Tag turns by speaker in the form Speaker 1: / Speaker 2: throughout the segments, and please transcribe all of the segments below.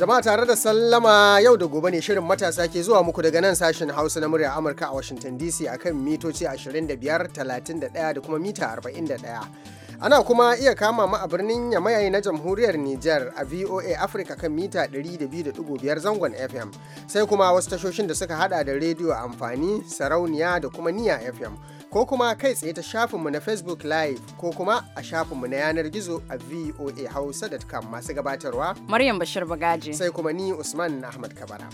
Speaker 1: Jama'a tare da sallama yau da gobe ne shirin matasa ke zuwa muku daga nan sashen Hausa na murya Amurka a Washington DC akan mitoci 25, 31 da kuma mita 41. Ana kuma iya kama mu a birnin Yamayayi na Jamhuriyar Nijar a VOA Africa kan mita 102.5 zangon FM. Sai kuma wasu tashoshin da suka hada da rediyo amfani, sarauniya da kuma niya FM. ko kuma kai tsaye ta shafinmu na Facebook Live ko kuma a shafinmu na yanar gizo a voahausa.com masu gabatarwa. Maryam Bashir Bagaji. Sai kuma ni Usman Ahmad Kabara.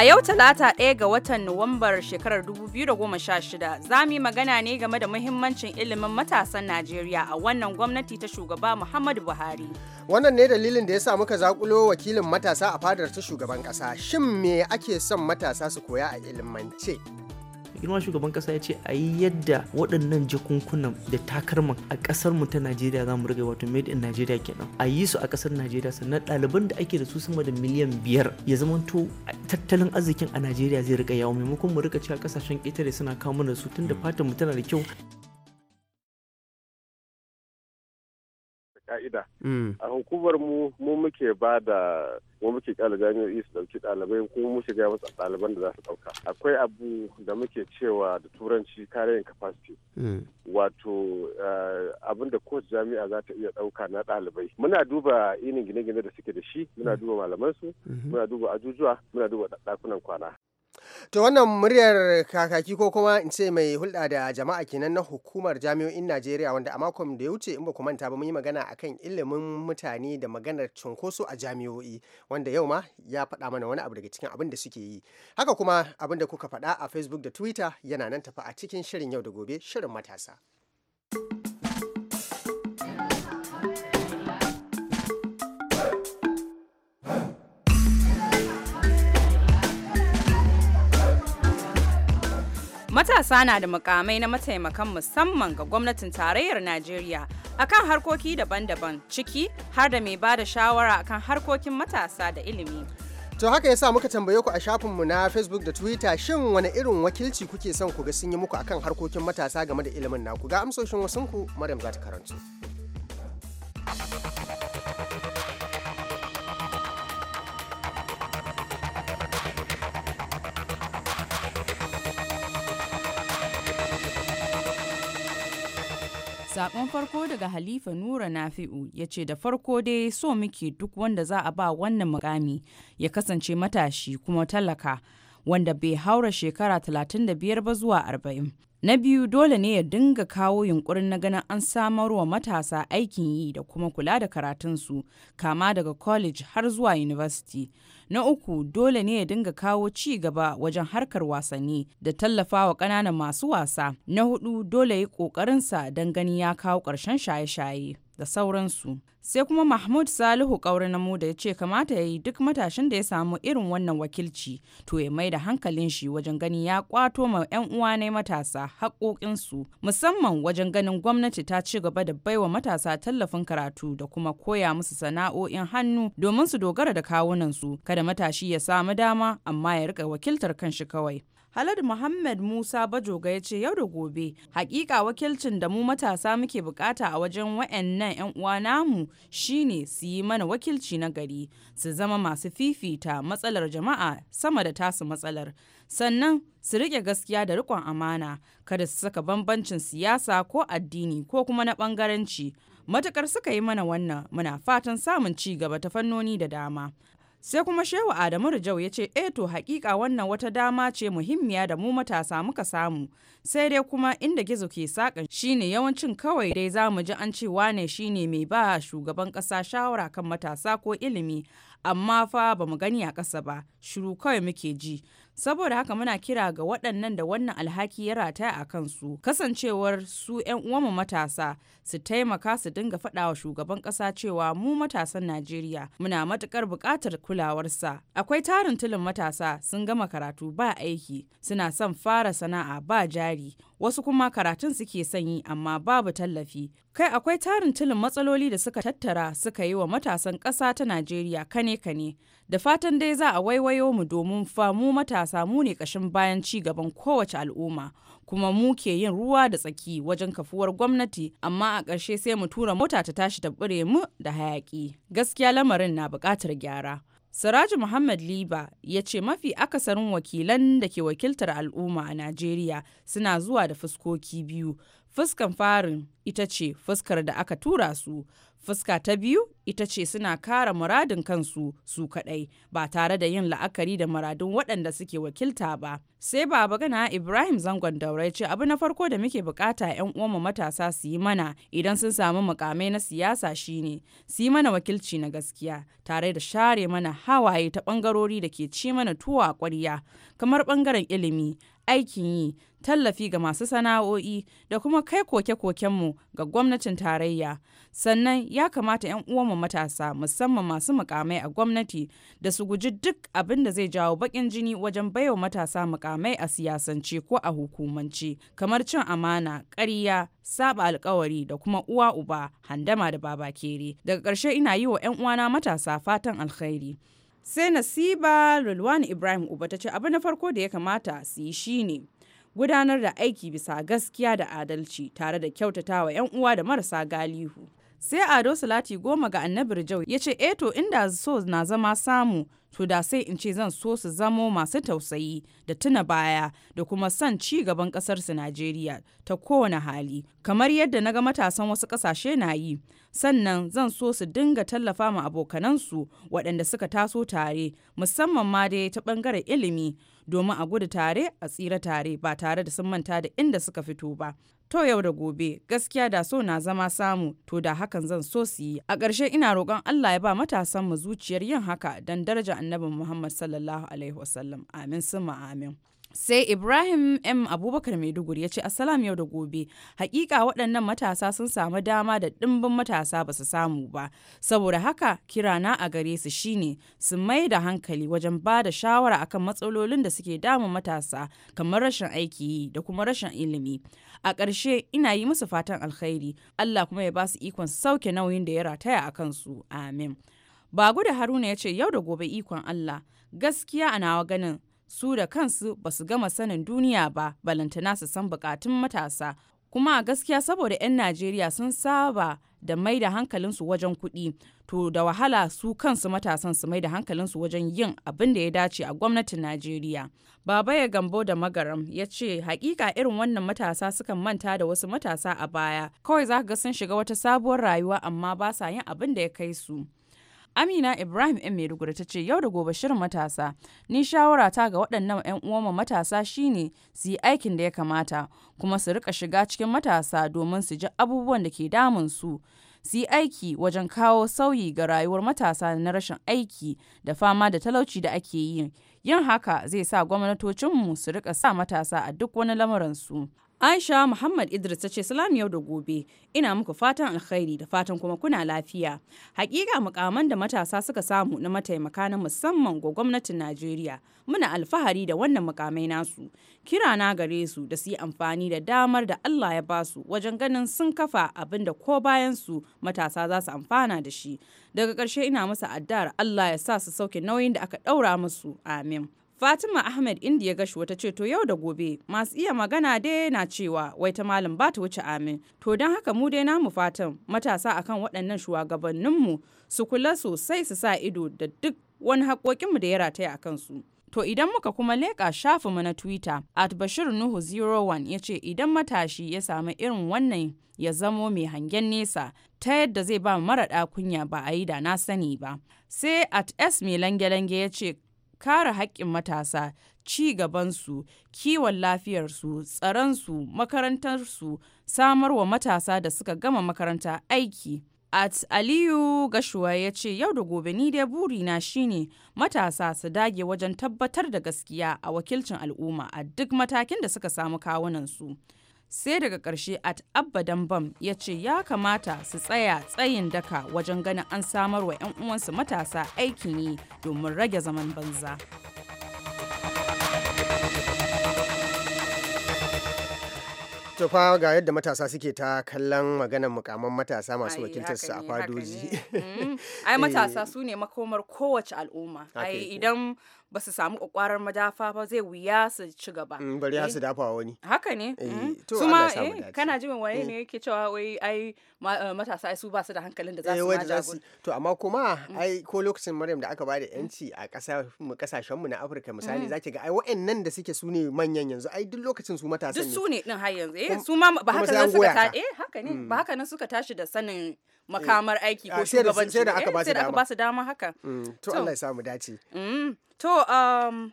Speaker 2: A yau talata ɗaya ga watan Nuwambar shekarar 2016 za mu yi magana ne game da muhimmancin ilimin matasan Najeriya a wannan gwamnati ta shugaba Muhammadu Buhari.
Speaker 1: Wannan ne dalilin da ya sa muka zaƙulo wakilin matasa a fadar ta shugaban ƙasa. Shin me ake son matasa su koya a
Speaker 3: ilimance? girma shugaban kasa ya ce a yi yadda waɗannan jakunkunan da takarman a ƙasar mu ta najeriya za mu riga wato made in najeriya kenan a yi su a ƙasar najeriya sannan ɗaliban da ake da su sama da miliyan biyar ya zamanto tattalin arzikin a najeriya zai riga yawo maimakon mu riga cewa ƙasashen ƙetare suna kawo mana su tunda fatan mu tana da kyau ka'ida mm.
Speaker 4: a hukumar mu mu muke ba da mu muke kyala jami'o'i su ɗauki ɗalibai kuma mu shiga wasu ɗaliban da za su ɗauka akwai abu da muke cewa da turanci carrying capacity mm. wato eh, abin da kowace jami'a za ta iya ɗauka na ɗalibai muna duba inin gine-gine da suke da shi muna mm. duba malaman su mm-hmm. muna duba ajujuwa muna duba ɗakunan kwana
Speaker 1: To wannan muryar kakaki ko kuma in ce mai hulɗa da jama'a kenan na hukumar jami'o'in Najeriya wanda a makon da ya wuce in ba ku manta ba mun yi magana akan ilimin mutane da maganar cunkoso a jami'o'i wanda yau ma ya faɗa mana wani abu daga cikin abin da suke yi. Haka kuma abin da kuka faɗa a Facebook da Twitter yana nan tafi a cikin shirin yau da gobe shirin matasa.
Speaker 2: Matasa na da mukamai na mataimakan musamman ga gwamnatin tarayyar Najeriya akan harkoki daban-daban ciki har da mai ba da shawara kan harkokin matasa da ilimi.
Speaker 1: To haka ya sa muka tambaye ku a shafinmu na Facebook da Twitter shin wani irin wakilci kuke son ku ga sun yi muku akan harkokin matasa game da ilimin naku ga amsoshin wasunku Maryam za ta karanto.
Speaker 2: Sakon farko daga Halifa Nura Nafi'u ya ce da farko dai so muke duk wanda za a ba wannan mukami ya kasance matashi kuma talaka wanda bai haura shekara 35 ba zuwa 40 Na biyu dole ne ya dinga kawo yunkurin na ganin an samar wa matasa aikin yi da kuma kula da karatunsu kama daga college har zuwa university. Na uku dole ne ya dinga kawo ci gaba wajen harkar wasanni da tallafa wa ƙananan masu wasa. Na hudu dole ya yi ƙoƙarinsa don gani ya kawo ƙarshen shaye-shaye. da sauransu. Sai kuma Mahmud Salihu kauri na da ya ce kamata ya yi duk matashin da ya samu irin wannan wakilci to ya mai da hankalin shi wajen gani ya kwato ma 'yan uwa ne matasa haƙoƙinsu musamman wajen ganin gwamnati ta ci gaba da baiwa matasa tallafin karatu da kuma koya musu sana'o'in hannu domin su dogara da kawunansu kada matashi ya samu dama amma ya rika wakiltar kanshi kawai. Haladu Muhammad Musa Bajoga ya ce yau da gobe hakika wakilcin da mu matasa muke bukata a wajen wayannan 'yan uwa namu shine su yi mana wakilci na gari su zama masu fifita matsalar jama'a sama da tasu matsalar sannan su riƙe gaskiya da riƙon amana kada su saka bambancin siyasa ko addini ko kuma na bangaranci matukar suka yi mana wannan muna fatan samun ci gaba ta fannoni da dama sai kuma shehu adamu rijau ya ce eh to hakika wannan wata dama ce muhimmiya da mu matasa muka samu sai dai kuma inda gizo ke shi shine yawancin kawai dai za mu ji an ce wane shine mai ba shugaban ƙasa shawara kan matasa ko ilimi amma fa ba mu gani a ƙasa ba shiru kawai muke ji saboda haka muna kira ga waɗannan da wannan alhaki ya rataya a kansu kasancewar su 'yan mu matasa su taimaka su dinga faɗa wa shugaban ƙasa cewa mu matasan najeriya muna matukar buƙatar kulawarsa akwai tarin tulin matasa sun gama karatu ba aiki suna son fara sana'a ba jari wasu kuma karatun suke sanyi amma babu tallafi kai akwai tarin tilin matsaloli da suka tattara suka yi wa matasan ƙasa ta najeriya kane kane da fatan dai za a waiwayo mu domin famu matasa mu ne ƙashin bayan ci gaban kowace al'umma kuma mu ke yin ruwa da tsaki wajen kafuwar gwamnati amma a ƙarshe sai mu tura mota ta tashi ta bure mu da hayaƙi gaskiya lamarin na buƙatar gyara Siraju Muhammad Liba ya ce mafi akasarin wakilan da ke wakiltar al'umma a Najeriya suna zuwa da fuskoki biyu fuskan farin ita ce fuskar da aka tura su fuska ta biyu ita ce suna kara muradin kansu su kadai ba tare da yin la'akari da muradun waɗanda suke wakilta ba sai baba gana ibrahim zangon daura ce abu na farko da muke bukata 'yan uwanmu matasa su yi mana idan sun samu mukamai na siyasa shine su yi mana wakilci na gaskiya tare da share mana hawaye ta bangarori da ke ci mana tuwa kwarya kamar bangaren ilimi aikin yi tallafi ga masu sana'o'i da kuma kai koke-kokenmu ga gwamnatin tarayya sannan ya kamata 'yan uwanmu matasa musamman masu mukamai a gwamnati da su guji duk abin da zai jawo bakin jini wajen baiwa matasa mukamai a siyasance ko a hukumance kamar cin amana ƙarya saba alkawari da kuma uwa uba handama da baba kere daga ƙarshe ina yi wa 'yan uwana matasa fatan alkhairi sai nasiba rulwan ibrahim uba ta ce abu na farko da ya kamata su yi shine gudanar da aiki bisa gaskiya da adalci tare da kyautatawa 'yan uwa da marasa galihu. Sai Ado Salati goma ga annabi Jau ya ce eto eh inda so na zama samu to da sai in ce zan so su zamo masu tausayi da tuna baya da kuma son ci gaban ƙasarsu Najeriya ta kowane hali kamar yadda na ga matasan wasu kasashe na yi sannan zan so su dinga tallafa ma abokanansu waɗanda suka taso tare musamman ma dai ta ɓangaren ilimi domin a gudu tare a tsira tare ba tare da sun manta da inda suka fito ba. To yau da gobe gaskiya da so na zama samu to da hakan zan so su yi. A ƙarshe ina roƙon Allah ya ba matasan mu zuciyar yin haka don daraja annabin Muhammad sallallahu alaihi wasallam. Amin summa amin. sai ibrahim m abubakar maiduguri ya ce assalam yau da gobe hakika waɗannan matasa sun samu dama da ɗimbin matasa ba su samu ba saboda haka kirana a gare su shine su mai da hankali wajen ba da shawara akan matsalolin da suke damun matasa kamar rashin aiki yi da kuma rashin ilimi a ƙarshe ina yi musu fatan alkhairi allah kuma ya ba su ikon sauke nauyin da ya rataya a kansu amin bagu da haruna ya ce yau da gobe ikon allah gaskiya ana nawa ganin su da kansu ba su gama sanin duniya ba balantana su san bukatun matasa kuma a gaskiya saboda 'yan najeriya sun saba da mai da hankalinsu wajen kuɗi to da wahala su kansu matasan su mai da hankalinsu wajen yin abin da ya dace a gwamnatin najeriya baba ya gambo da magaram ya ce hakika irin wannan matasa sukan manta da wasu matasa a baya kawai za ga sun shiga wata sabuwar rayuwa amma ba sa yin abin da ya kai su Amina Ibrahim ‘yan Maiduguri ta ce yau da gobe shirin matasa, ni shawara ta ga waɗannan ‘yan uwanmu matasa shine su yi aikin da ya kamata, kuma su rika shiga cikin matasa domin su ji abubuwan da ke damun su. Su yi aiki wajen kawo sauyi ga rayuwar matasa na rashin aiki da fama da talauci da ake yi. Yin haka zai sa gwamnatocinmu su rika sa matasa a duk wani lamarin su Aisha Muhammad Idris ta ce salam yau da gobe ina muku fatan alkhairi da fatan kuma kuna lafiya. Hakika mukaman da matasa suka samu na mataimaka na musamman ga gwamnatin Najeriya muna alfahari da wannan mukamai nasu. Kira na gare su da su yi amfani da damar da Allah ya basu wajen ganin sun kafa abin da ko bayan su matasa za su amfana da shi. Daga ƙarshe ina musu addu'ar Allah ya sa su sauke nauyin da aka ɗaura musu. Amin. Fatima Ahmed Indiya gashi ta ce to yau da gobe masu iya magana dai na cewa wai ta malam ba ta wuce amin. To don haka mu dai namu fatan matasa akan waɗannan shugabanninmu su kula sosai su sa ido da duk wani haƙoƙinmu da ya rataya a kansu. To idan muka kuma leƙa shafi mu na Twitter, at Bashir Nuhu 01 ya ce idan matashi ya samu irin wannan ya zamo mai hangen nesa ta yadda zai ba mara kunya ba a yi da na sani ba. Sai at S mai lange-lange ya ce kare haƙƙin matasa, ci gabansu, kiwon lafiyarsu, tsaransu makarantarsu, wa matasa da suka gama makaranta aiki. At Aliyu Gashuwa ya ce yau da gobe ni dai buri na shine matasa su dage wajen tabbatar da gaskiya a wakilcin al'umma a duk matakin da suka samu kawunansu. su. sai daga ƙarshe at abba dambam ya ce ya kamata su tsaya tsayin daka wajen ganin an samar wa 'yan uwansu matasa
Speaker 1: aikin yi domin rage zaman banza fa ga yadda matasa suke ta kallon maganan mukaman matasa masu wakiltarsu a fadoji mm.
Speaker 2: ai eh. matasa su ne makomar kowace al'umma ai idan ba su samu kwakwarar madafa ba zai wuya su ci gaba mm, bari ya eh? su dafa wani haka ne eh, mm. su ma eh, kana jimin waye ne yake cewa wai ai matasa su ba su da hankalin da za su ma
Speaker 1: to amma kuma mm. ai ko lokacin Maryam da aka bada yanci a kasashen mu na Afirka misali zaki ga ai wa'annan da suke su ne manyan yanzu ai duk lokacin su matasan ne duk su
Speaker 2: ne din har yanzu eh su ma ba haka nan suka ta eh haka ne ba haka nan suka tashi da sanin makamar mm. aiki ah, ko shugabanci sai da aka eh, ba su dama haka
Speaker 1: mm. to Allah ya samu dace
Speaker 2: mm. to um,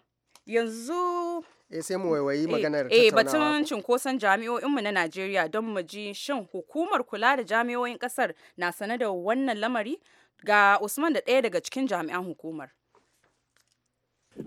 Speaker 2: yanzu
Speaker 1: eh sai mu waiwayi eh, maganar eh batun
Speaker 2: cinkoson jami'o'inmu na Najeriya don mu ji shin hukumar kula da jami'o'in kasar na sane da wannan lamari ga Usman da ɗaya daga cikin jami'an hukumar.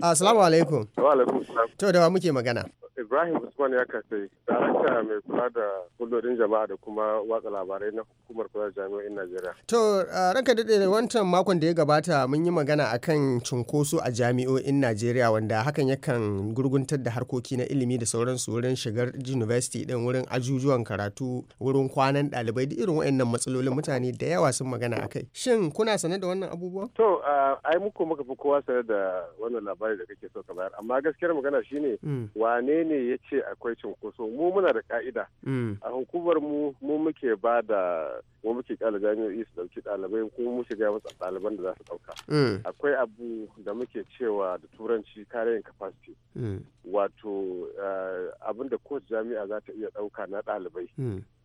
Speaker 1: Assalamu alaikum. Wa alaikum. To da wa muke magana?
Speaker 4: Ibrahim Usman ya kasai, darakta mai kula da kudodin jama'a da kuma watsa labarai na hukumar kula da jami'o'in Najeriya.
Speaker 1: To, ranka daɗe wancan makon da ya gabata mun yi magana akan cunkoso a jami'o'in Najeriya wanda hakan yakan gurguntar da harkoki na ilimi da sauransu wurin shigar university din wurin ajujuwan karatu wurin kwanan ɗalibai da irin waɗannan matsalolin mutane da yawa sun magana akai. Shin kuna sane da wannan abubuwa. To,
Speaker 4: ai muku muka fi kowa sane da wannan labari da kake so ka bayar, amma gaskiyar magana shine hmm. wane ne ya ce akwai cinkoso mu muna da ka'ida mm. a hukumar mu mu muke ba da mu muke kyala jami'o'i su dauki ɗalibai ko mu shiga masa ɗaliban da za su dauka mm. akwai abu da muke cewa da turanci carrying capacity mm. wato eh, abin da kowace jami'a za ta iya dauka na ɗalibai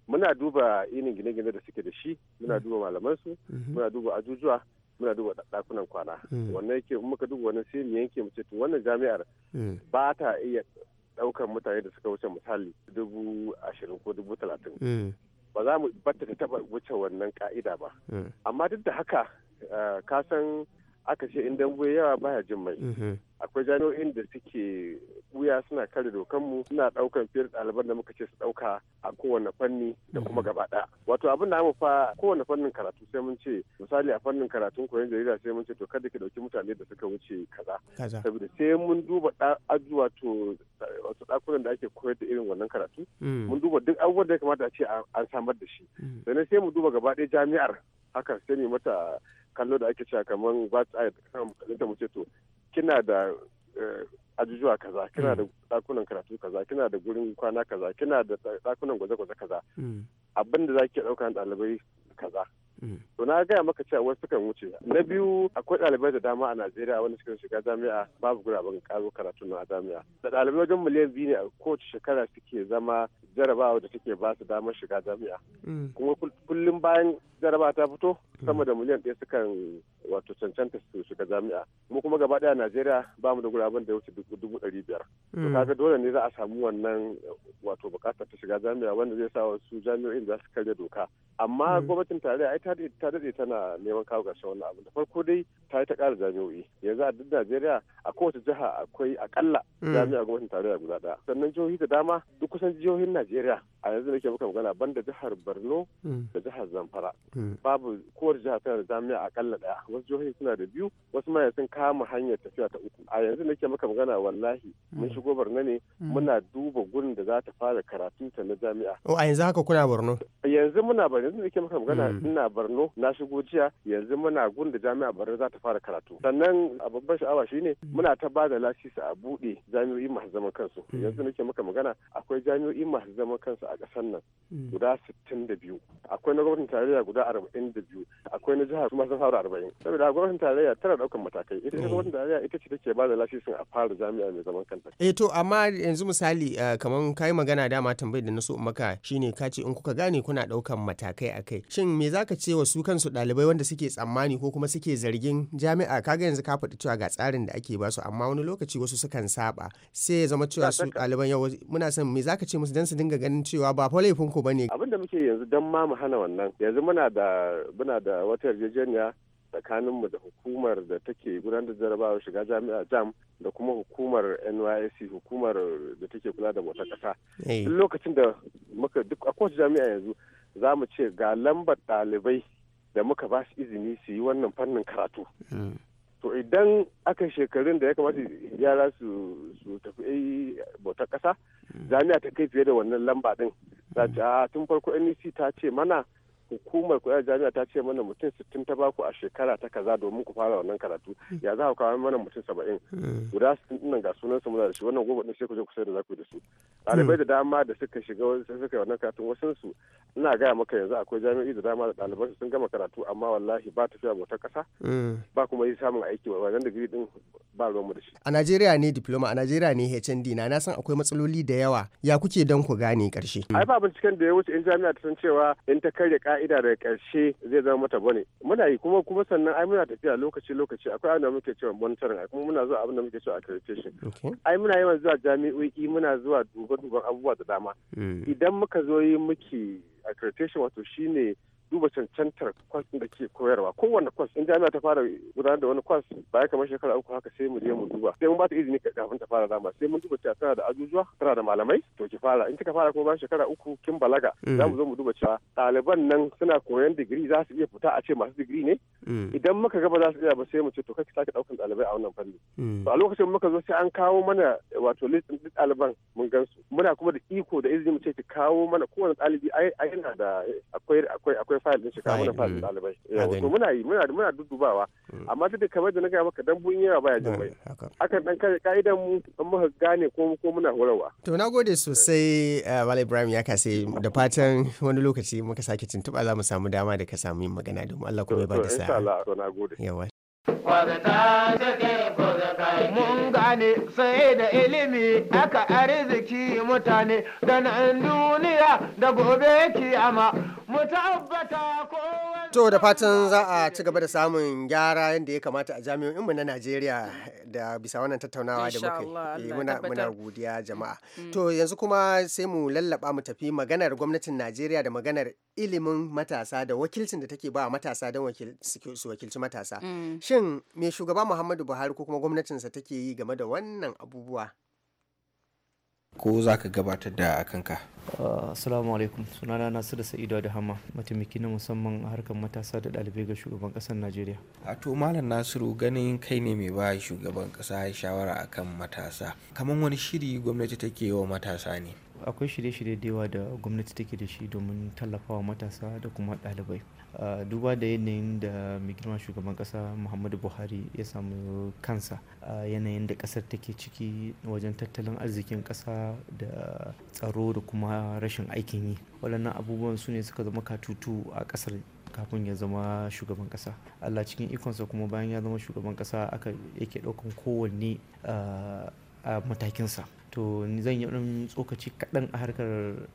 Speaker 4: muna duba irin gine-gine da suke da shi muna duba malamansu mm-hmm. muna duba ajujuwa muna duba ɗakunan kwana wannan yake muka duba wani sai mu yanke mu ce to wannan jami'ar ba ta iya ɗaukar mutane da suka wuce misali dubu ashirin ko dubu talatin eh. ba za mu batta ta taba wuce wannan ka'ida ba eh. amma duk da haka eh, ka san aka ce in dambu yawa baya jin mai mhm. akwai jami'o'in da suke wuya suna kare dokanmu suna daukan fiye ɗaliban da muka ce su ɗauka a kowane fanni da kuma mm-hmm. gaba ɗaya wato abin da fa kowane fannin karatu sai mun ce misali a fannin karatun koyon jarida sai mun ce to kada ki dauki mutane da suka wuce kaza saboda sai mun duba ajuwa to wato dakunan da ake koyar da irin wannan karatu mm. mun duba duk abubuwan da ya kamata a ce an samar da shi mm. sai sai mu duba gaba ɗaya jami'ar hakan sai ne mata kallo da ake cewa kamar ba ta ta mu ce to kina da eh, ajujuwa kaza kina da dakunan mm. karatu kaza kina da gurin kwana kaza kina da dakunan gwaje-gwaje kaza mm. abinda da za ki ɗauka ɗalibai kaza to na gaya maka cewa wasu sukan wuce na biyu akwai ɗalibai da dama a najeriya wanda suka shiga jami'a babu guraben karo karatu na jami'a da ɗalibai wajen miliyan biyu ne a kowace shekara suke zama jarabawa da take ba su damar shiga jami'a mm. kuma kullum bayan jarabawa ta fito mm. sama da miliyan ɗaya sukan wato cancanta su shiga jami'a mu kuma gaba ɗaya a najeriya ba mu da guraben da ya wuce dubu ɗari biyar to mm. kaga dole ne za a samu wannan wato buƙatar ta shiga jami'a wanda zai sa wasu jami'o'in za su karya doka amma gwamnatin tarayya ta daɗe tana neman kawo ƙarshen wannan abin da farko dai ta yi ta ƙara jami'o'i yanzu a duk najeriya a kowace jiha akwai akalla mm. jami'a gwamnatin tarayya guda ɗaya sannan jihohi da dama duk kusan jihohin najeriya a yanzu da ke muka magana ban da jihar borno mm. da jihar zamfara mm. babu kowace jiha tana da jami'a akalla ɗaya wasu jihohi suna da biyu wasu ma sun kama hanyar tafiya ta uku a yanzu da ke muka magana wallahi mun shigo borno ne muna duba gurin da za ta fara karatunta na jami'a.
Speaker 1: Oh, a yanzu haka kuna borno.
Speaker 4: yanzu muna borno yanzu da ke muka magana ina Borno na shigo jiya yanzu muna gunda da jami'a Borno za ta fara karatu. Sannan a babban sha'awa shine muna ta ba da lasisi a buɗe jami'o'i masu zaman kansu. Hmm. Yanzu nake maka magana akwai jami'o'i masu zaman kansu a ƙasar nan hmm. guda sittin da biyu. Akwai na gwamnatin tarayya guda arba'in da biyu. Akwai na jihar kuma sun fara arba'in. Saboda gwamnatin tarayya tana ɗaukan matakai. Ita hmm. gwamnatin tarayya ita ce take ba da lasisin a fara jami'a mai zaman kanta.
Speaker 1: Eh to amma yanzu misali eh, kamar kai magana dama tambayar da na so maka shine ka ce in kuka gane kuna ɗaukan matakai akai. Shin me zaka cewa su kansu ɗalibai wanda suke tsammani ko kuma suke zargin jami'a kaga yanzu ka faɗi cewa ga tsarin da ake basu amma wani lokaci wasu sukan saba sai ya zama cewa su ɗaliban yau muna son me zaka ce musu dan su dinga ganin cewa ba fa laifin ku bane abin
Speaker 4: da muke yanzu dan ma mu hana wannan yanzu muna da muna da wata yarjejeniya tsakaninmu da hukumar da take gudanar da jarabawar shiga jami'a jam da kuma hukumar nysc hukumar da take kula da wata kasa eh. lokacin da muka duk a kowace jami'a yanzu za mu ce ga lambar ɗalibai da muka ba su izini su yi wannan fannin karatu hmm. to idan aka shekarun da ya kamata yara su tafi eh, bautar ƙasa hmm. jami'a ta kai fiye da wannan lamba ɗin za ta ah, tun farko nec ta ce mana hukumar koyar jami'a ta ce mana mutum sittin ta baku a shekara ta kaza domin ku fara wannan karatu ya za ku kawo mana mutum saba'in hmm. guda sittin nan ga sunan su muna da shi wannan goma din sai ku je ku sayar da za da su ɗalibai da dama da suka shiga suka yi wannan karatu wasu su ina gaya maka yanzu akwai jami'i da dama da ɗaliban sun gama karatu amma wallahi ba tafiya bautar ƙasa hmm. ba kuma yi samun aiki ba wannan digiri din ba ruwanmu da shi
Speaker 1: a Najeriya ne diploma a Najeriya ne HND na na san akwai matsaloli da yawa ya kuke dan ku gane ƙarshe ai ba
Speaker 4: binciken da ya wuce in jami'a ta san cewa in ta karya ka'ida daga ƙarshe zai zama mata bane muna yi kuma kuma sannan ai muna tafiya lokaci lokaci akwai abin da muke cewa monitoring kuma muna zuwa abin da muke cewa accreditation ai muna yawan zuwa jami'o'i muna zuwa duba duban abubuwa da dama hmm. idan muka zo yi muke accreditation wato shine duba cancantar kwas da ke koyarwa kowanne kwas in jami'a ta fara gudanar da wani kwas baya kamar shekara uku haka sai mu je mu duba sai mun ba ta izini kafin ta fara dama sai mun duba cewa tana da ajujuwa tana da malamai to ki fara in kika fara kuma bayan shekara uku kin balaga mm. za mu zo mu duba cewa ɗaliban nan suna koyon digiri za su iya fita a ce masu digiri ne mm. idan muka gaba za su iya ba sai mu ce to kai ki sake ɗaukan ɗalibai a wannan fanni mm. to a lokacin muka zo sai an kawo mana wato listin ɗaliban mun gansu muna kuma da iko da izini mu ce ki kawo mana kowane ɗalibi ai yana da akwai akwai akwai fayil din shi ka muna fayil mm. ɗalibai to muna yi muna muna dudubawa mm. amma duk da kamar da na gaya maka dan bun yawa baya jin bai mm, akan dan kai ka'idan mu dan muka gane ko ko muna horarwa
Speaker 1: to na gode sosai eh, Malam Ibrahim ya kase da fatan wani lokaci muka sake tuntuba za mu samu dama da ka samu yin magana da mu Allah kuma ya ba da sa'a insha Allah to na gode yawa Mun gane sai da ilimi aka arziki mutane don nan duniya da gobe kiyama To da fatan za a ci gaba da samun gyara yadda ya kamata a mu na Najeriya da bisa wannan tattaunawa da muka yi eh, muna godiya jama'a. Mm. To yanzu kuma sai mu lallaba mu tafi maganar gwamnatin Najeriya da maganar ilimin matasa da wakilcin da take ba matasa don su wakilci matasa. Mm. Shin me shugaba Muhammadu Buhari ko kuma gwamnatinsa take yi game da wannan abubuwa?
Speaker 3: ko za ka gabatar da kanka ah, assalamu alaikum sunana nasiru sa'idu da hama mataimaki na musamman a harkar matasa da ɗalibai ga shugaban ƙasar najeriya a to malam nasiru ganin
Speaker 1: kai ne mai ba shugaban ƙasa shawara akan matasa kamar wani shiri gwamnati take wa matasa ne
Speaker 3: akwai shirye-shirye da yawa da gwamnati take da shi domin tallafawa matasa da kuma ɗalibai Eh, duba da yanayin da mai girma shugaban kasa muhammadu buhari ya samu kansa a eh, yanayin da kasar take ciki wajen tattalin arzikin kasa da tsaro da kuma rashin aikin yi waɗannan abubuwan su ne suka zama katutu a kasar kafin ya zama shugaban kasa allah cikin ikonsa kuma bayan ya zama shugaban kasa aka yake ɗaukan kowanne eh, a matakinsa to zan yi ɗan tsokaci kaɗan a harkar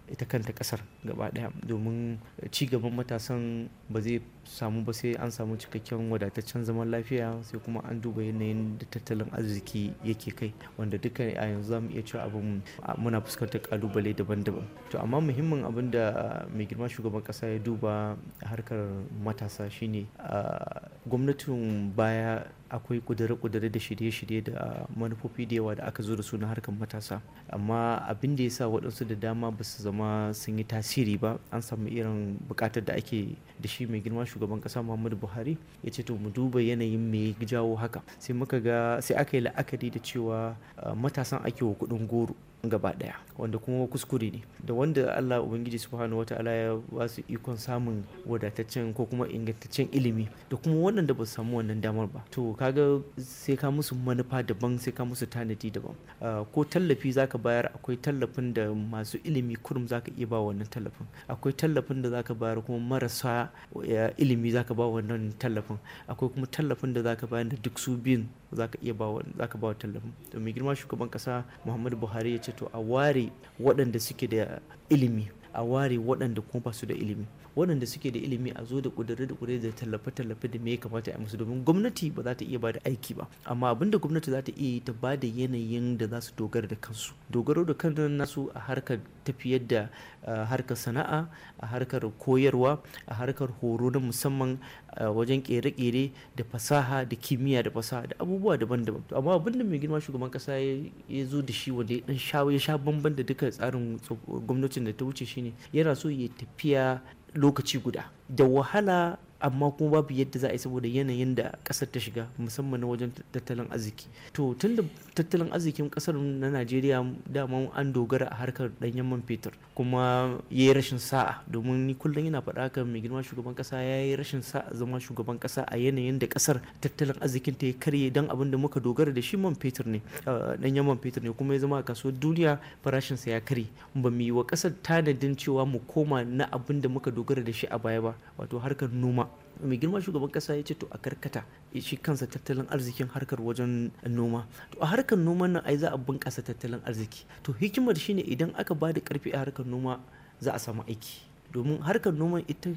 Speaker 3: ita kanta ƙasar gaba ɗaya domin ci gaban matasan ba zai samu ba sai an samu cikakken wadataccen zaman lafiya sai kuma an duba yanayin da tattalin arziki yake kai wanda duka a yanzu za mu iya cewa abin muna fuskantar kalubale daban-daban to amma muhimmin abin da mai girma shugaban kasa ya duba harkar matasa shine gwamnatin baya akwai ƙudare kudare da shirye-shirye da manufofi da yawa da aka zo da su na harkar matasa amma abin da ya sa waɗansu da dama ba su zama sun yi tasiri ba an samu irin bukatar da ake da shi mai girma shugaban shugaban kasa muhammadu buhari ya ce to mu duba yanayin me ya jawo haka sai muka ga sai aka yi la'akari da cewa eh, matasan ake wa kuɗin goro gaba daya wanda kuma kuskure ne da wanda Allah ubangiji subhanahu ta'ala ya ba su ikon samun wadataccen ko kuma ingantaccen ilimi da kuma wannan da ba su samu wannan damar ba to kaga sai ka musu manufa daban sai ka musu tanadi daban ah, ko tallafi zaka bayar akwai tallafin da masu ilimi kurum zaka iya ba wannan tallafin akwai tallafin da zaka bayar kuma marasa ilimi zaka ba wannan tallafin akwai kuma tallafin da zaka bayar da duk su biyun zaka iya ba zaka ba tallafin to mai girma shugaban kasa Muhammadu Buhari ya ce ce to a ware waɗanda suke da ilimi a ware waɗanda kuma ba su da ilimi waɗanda suke da ilimi a zo da ƙudurri da ƙudurri da tallafe-tallafe da me ya kamata a musu domin gwamnati ba za ta iya bada aiki ba amma abin da gwamnati za ta iya ta bada yanayin da za su dogara da kansu dogaro da kan nasu a harkar tafiyar da harkar sana'a a harkar koyarwa a harkar horo na musamman wajen kere-kere da fasaha da kimiyya da fasaha da abubuwa daban-daban amma abin mai girma shugaban kasa ya zo da shi wanda ya dan sha bamban da duka tsarin gwamnatin da ta wuce shine yana so ya tafiya lokaci guda da wahala amma kuma babu yadda za a yi saboda yanayin da kasar ta shiga musamman na wajen tattalin arziki to tun da tattalin arzikin kasar na najeriya dama an dogara a harkar danyen man fetur kuma ya yi rashin sa'a domin ni kullum yana faɗa ka mai girma shugaban kasa ya yi rashin sa'a zama shugaban kasa a yanayin da kasar tattalin arzikin ta ya karye don abin da muka dogara da shi man fetur ne danyen man fetur ne kuma ya zama a kasuwar duniya farashinsa ya karye ba mu yi wa kasar tanadin cewa mu koma na abin da muka dogara da shi a baya ba wato harkar noma mai girma shugaban kasa ya ce to a karkata shi kansa tattalin arzikin harkar wajen noma to a harkar noman nan ai za a bunƙasa tattalin arziki to hikimar shine idan aka ba da karfi a harkar noma za a samu aiki domin harkar noma ita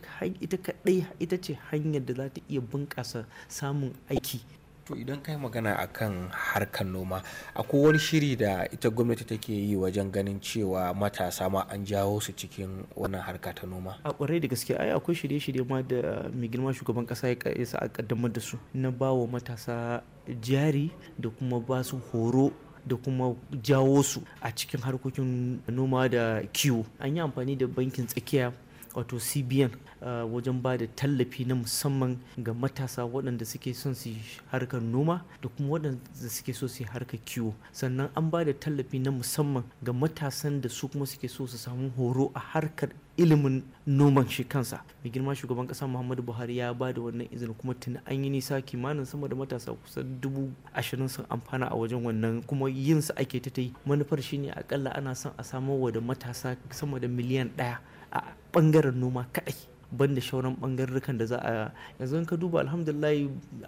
Speaker 3: kaɗai ita ce hanyar da za ta iya bunƙasa samun aiki to idan kai magana akan harkar noma akwai wani shiri da ita gwamnati take yi wajen
Speaker 1: ganin cewa matasa ma an jawo su cikin wannan harka ta noma
Speaker 3: a kwarai da gaske ai akwai shirye-shirye ma da mai girma shugaban kasa ya sa a kaddamar da su na ba wa matasa jari da kuma ba su horo da kuma jawo su a cikin harkokin noma da kiwo an yi amfani da bankin tsakiya wato cbn uh, wajen ba da tallafi na musamman ga matasa waɗanda suke son su harkar noma da kuma waɗanda suke so su harkar kiwo sannan an ba da tallafi na musamman ga matasan da su kuma suke so su samu horo a harkar ilimin noman shi kansa mai girma shugaban kasa muhammadu buhari ya ba da wannan izinin kuma tuni an yi nisa kimanin sama da matasa kusan dubu ashirin sun amfana a wajen wannan kuma yin su ake ta yi manufar shine akalla ana son a samar wa da matasa sama da miliyan ɗaya a ɓangaren noma kadai banda shauran bangarrukan da za a yanzu ka duba alhamdulillah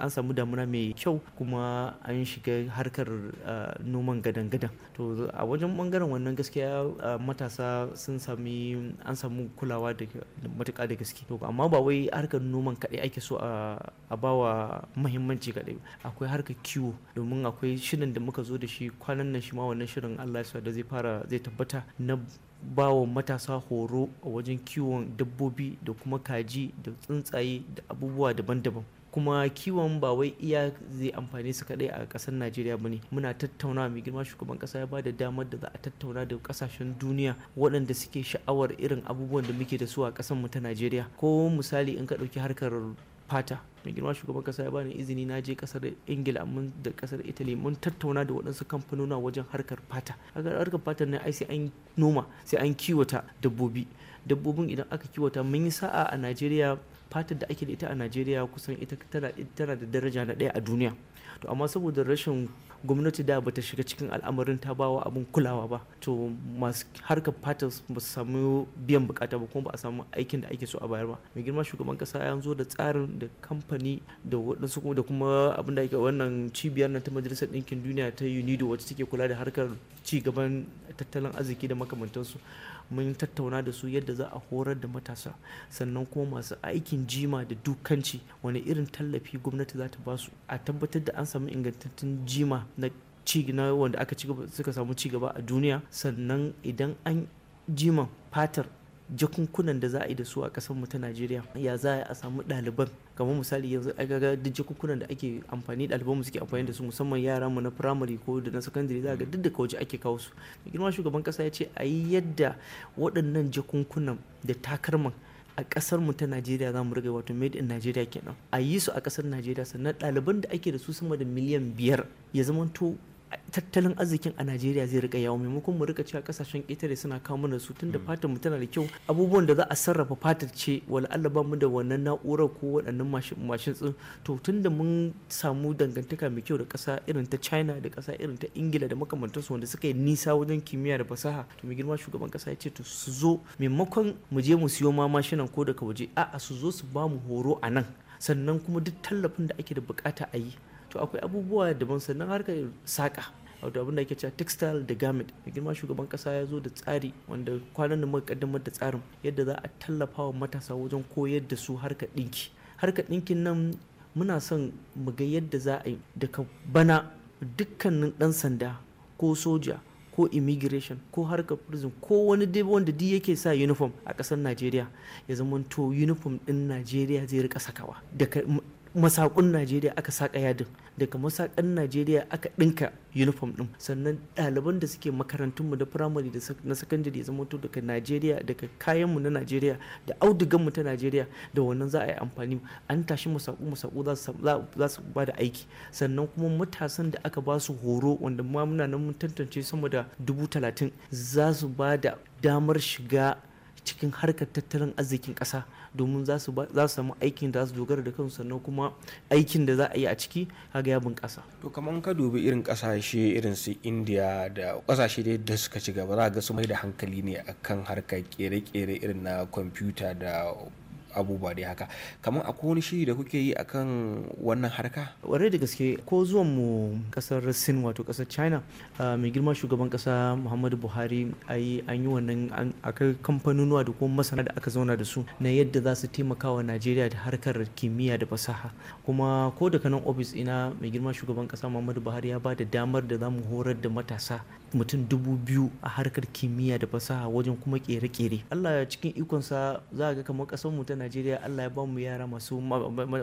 Speaker 3: an samu damuna mai kyau kuma an shiga harkar noman gadan-gadan to a wajen bangaren wannan gaskiya matasa sun sami an samu kulawa da matuƙa da gaske to amma ba wai harkar noman kaɗai ake so a bawa mahimmanci kaɗai akwai harkar kiwo domin akwai shirin da muka zo da shi kwanan nan shi ma wannan shirin Allah ya da zai fara zai tabbata na ba wa matasa horo a wajen kiwon dabbobi da kuma kaji da tsuntsaye da abubuwa daban-daban kuma kiwon ba wai iya zai amfani su kadai a kasar najeriya ba ne muna tattauna mai girma shugaban kasa ya da damar da za a tattauna da kasashen duniya waɗanda suke sha'awar irin abubuwan da muke da su a kasar mu ta najeriya ko misali in ka ɗauki harkar fata mai girma shugaban kasa ya bani izini na je kasar ingila mun da kasar italy mun tattauna da waɗansu kamfanona wajen harkar fata harkar fata na ai sai an noma sai an kiwata dabbobi dabbobin idan aka kiwata mun yi sa'a a najeriya fatar da ake da ita a najeriya kusan ita tana da daraja na ɗaya a duniya to amma saboda rashin gwamnati da bata shiga cikin al'amarin ta bawa abin kulawa ba to masu harkar fatar ba su samu biyan bukata ba kuma ba a samu aikin da ake so a bayar ba mai girma shugaban kasa ya zo da tsarin da kamfani da waɗansu da kuma abin da ake wannan cibiyar nan ta majalisar ɗinkin duniya ta unido wacce take kula da harkar ci gaban tattalin arziki da makamantansu mun tattauna da su yadda za a horar da matasa sannan kuma masu aikin jima da dukanci wani irin tallafi gwamnati za ta ba su a tabbatar da an samu ingantattun jima na na wanda aka cigaba suka samu ci gaba a duniya sannan idan an jima fatar jakunkunan da za a yi da su a mu ta najeriya ya za a samu ɗaliban kamar misali yanzu a ga duk jakunkunan da ake amfani ɗalibanmu suke amfani da su musamman yara mu na primary ko da na secondary za ga duk da waje ake kawo su girma shugaban kasa ya ce a yi yadda waɗannan jakunkunan da takarman a kasar mu ta Najeriya za mu riga wato made in Najeriya kenan a yi su a kasar Najeriya sannan ɗaliban da ake da su sama da miliyan biyar ya zamanto tattalin arzikin a Najeriya zai rika yawo maimakon mu rika cewa kasashen ƙetare suna kawo mana su tunda mm. fatar mu tana da kyau abubuwan da za a sarrafa fatar ce wala Allah ba mu da wannan na'urar ko waɗannan mashin tsin to tunda mun samu dangantaka mai kyau da ƙasa irin ta China da ƙasa irin ta Ingila da makamantansu wanda suka yi nisa wajen kimiyya da fasaha to mai girma shugaban ƙasa ya ce to su zo maimakon mu je mu siyo ma mashinan ko daga waje a'a su zo su ba mu horo a nan sannan kuma duk tallafin da ake da bukata a yi to akwai abubuwa daban sannan harkar saka wato abin da ake cewa textile da garment da girma shugaban kasa ya zo da tsari wanda kwanan da muka kaddamar da tsarin yadda za a tallafa wa matasa wajen koyar da su harkar ɗinki harkar dinkin nan muna son mu ga yadda za a yi daga bana dukkanin dan sanda ko soja ko immigration ko harkar prison ko wani dai wanda duk yake sa uniform a ƙasar najeriya ya zama to uniform din najeriya zai rika sakawa daga masakun najeriya aka saka yadin daga masakan najeriya aka dinka uniform din sannan ɗaliban da suke makarantun mu da firamare da na sakandare zama to daga najeriya daga kayanmu na najeriya da mu ta najeriya da wannan za a yi amfani an tashi masaku masaku za su su bada aiki sannan kuma matasan da aka ba su horo wanda ma muna nan mun tantance sama da dubu talatin za su ba da damar shiga cikin harkar tattalin arzikin ƙasa domin za su samu aikin da su dogara da kansu sannan kuma aikin da za a yi a ciki kaga ya bunƙasa to kamar ka dubi irin ƙasashe irin su indiya da ƙasashe dai da suka ci gaba za a ga su
Speaker 1: mai da hankali ne akan harkar kere-kere irin na kwamfuta da abubuwa
Speaker 3: dai haka kamar akwai wani shiri da kuke yi akan wannan harka ware da gaske ko zuwan mu kasar sin wato kasar china ah, mai girma shugaban kasa muhammadu buhari ayi an yi wannan akai kamfanonuwa da kuma masana da aka zauna da su na yadda za su taimaka wa najeriya da harkar kimiyya da fasaha kuma ko daga nan ofis ina mai girma shugaban kasa muhammadu buhari ya ba da damar da za mu horar da matasa mutum dubu biyu a harkar kimiyya da fasaha wajen kuma kere-kere allah ya cikin ikonsa za ga kamar kasar mu ta najeriya allah ya ba mu yara masu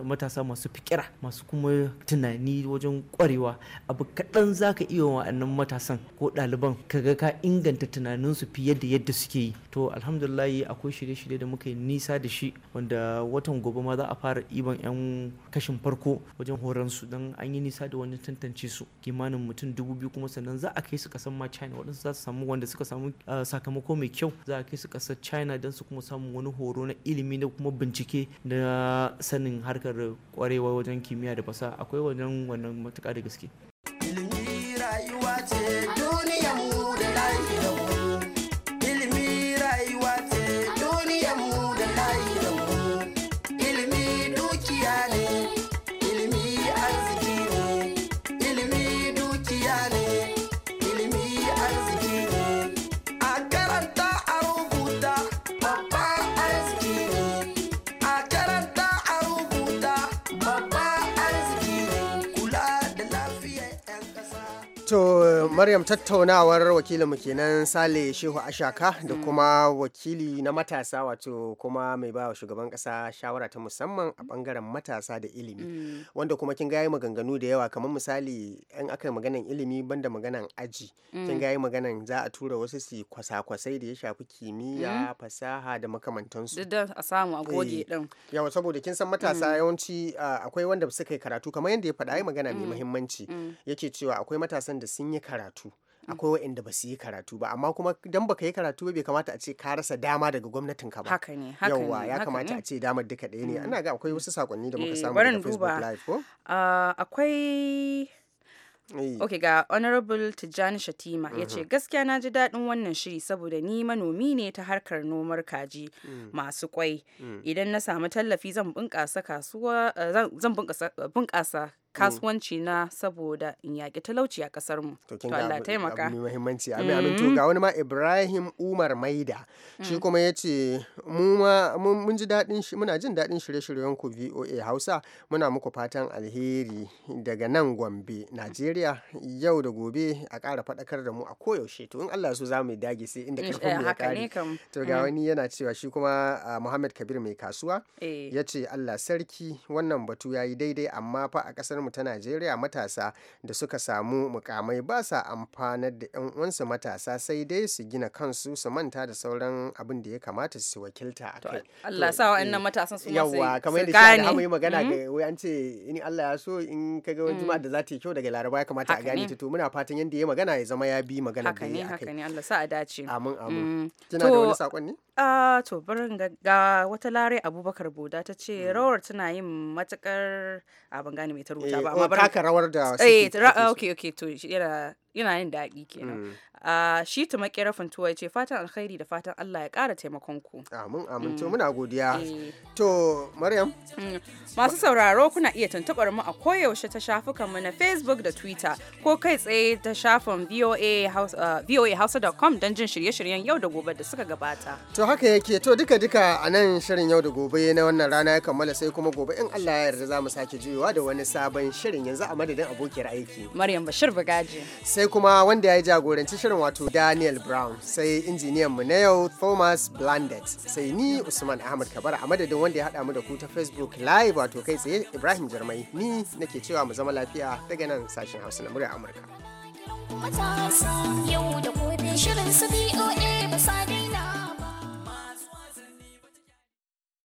Speaker 3: matasa masu fikira masu kuma tunani wajen kwarewa abu kaɗan za ka iya wa'annan matasan ko ɗaliban ka ga ka inganta tunaninsu fiye da yadda suke yi to alhamdulillah akwai shirye-shirye da muka yi nisa da shi wanda watan gobe ma za a fara iban 'yan kashin farko wajen horansu don an yi nisa da wani tantance su kimanin mutum dubu biyu kuma sannan za a kai su kasan ma china waɗansu za su samu wanda suka samu uh, sakamako mai kyau za a kai su ƙasar china don su kuma samu wani horo na ilimi da kuma bincike na sanin harkar kwarewa wajen kimiyya da fasaha akwai wajen wannan matuƙa da gaske
Speaker 1: Maryam tattaunawar wakilinmu kenan Sale Shehu Ashaka da kuma wakili na matasa wato kuma mai bawa shugaban kasa shawara ta musamman a bangaren matasa da ilimi mm. wanda kuma kin gayi maganganu da yawa kamar misali in aka yi maganan ilimi banda maganan aji kin gayi mm. maganan za a tura wasu su kwasa-kwasai da ya shafi kimiyya mm. fasaha da makamantansu duk da a samu a goge din eh. yawa saboda kin san matasa yawanci akwai wanda suka yi karatu kamar yadda ya faɗa yi magana mai muhimmanci yake cewa akwai matasan da sun yi karatu karatu akwai waɗanda ba su yi karatu ba amma kuma dan baka yi karatu ba bai kamata a ce ka rasa dama daga gwamnatin ka ba haka ne haka ne yawa ya kamata a ce damar duka ɗaya ne ana mm. ga akwai wasu sakonni da muka eh, samu daga Facebook live ko
Speaker 2: ah, akwai eh. Ok ga Honorable Tijjani Shatima ya ce mm-hmm. gaskiya na ji daɗin wannan shiri saboda ni manomi ne ta harkar nomar kaji mm. masu kwai. Mm. Idan na samu tallafi zan eh, zan bunƙasa Mm. kasuwanci na saboda in yaƙi talauci a ƙasar mu to Allah taimaka abu
Speaker 1: muhimmanci amin amin to mm. ga wani ma Ibrahim Umar Maida shi mm. kuma yace mu ma mun ji daɗin shi muna jin daɗin shirye-shiryen ku VOA Hausa muna muku fatan alheri daga nan Gombe Najeriya yau da gobe a ƙara faɗakar da mu a koyaushe to in Allah so za mu dage sai inda eh, ƙarfin mu ya kare to ga wani yana cewa shi kuma Muhammad Kabir mai kasuwa eh. yace Allah sarki wannan batu yayi daidai amma fa a ƙasar ƙasarmu ta Najeriya matasa da suka samu mukamai ba sa amfanar da ƴan uwansu matasa sai dai su gina kansu su manta da sauran abin da ya kamata su wakilta a kai. Allah sa wa'annan eh, matasan su masu Yawwa kamar yadda ta yi magana ga mm-hmm. an ce in Allah ya so in ka ga wani mm. juma'a da za ta yi kyau daga Laraba ya kamata a gane ta to muna fatan yadda ya magana ya zama ya bi magana da ya Haka ne Allah sa a dace. Amin amin. Mm. Kina da wani sakon ne?
Speaker 2: Ah to barin ga wata lare Abubakar Boda ta ce mm. rawar tana yin matukar abin gane mai ta rubuta ta ba eh, amma taka rawar da eh, suke eh okay okay to yana yana yin daɗi kenan mm. a ah, shi tuma kirafin tuwa ya ce fatan alkhairi da fatan Allah ya ƙara taimakon ku amin amin to mm. muna godiya eh. to maryam mm. masu sauraro kuna iya tuntuɓar mu a koyaushe ta shafukan mu na facebook da twitter ko kai tsaye ta shafin VOA hausa.com ah, don jin shirye-shiryen yau da gobe da suka gabata
Speaker 1: to haka yake to duka duka a nan shirin yau da gobe na wannan rana ya kammala sai kuma gobe in Allah ya yarda za mu sake juyowa da wani sabon shirin yanzu a madadin abokiyar aiki maryam bashir bugaji sai kuma wanda ya jagoranci shirin wato Daniel Brown sai injiniyan mu na yau Thomas Blandet sai ni Usman Ahmad Kabar a madadin wanda ya haɗa mu da ku ta Facebook Live wato kai tsaye Ibrahim Jarmai ni nake cewa mu zama lafiya daga nan sashen Hausa na murya Amurka.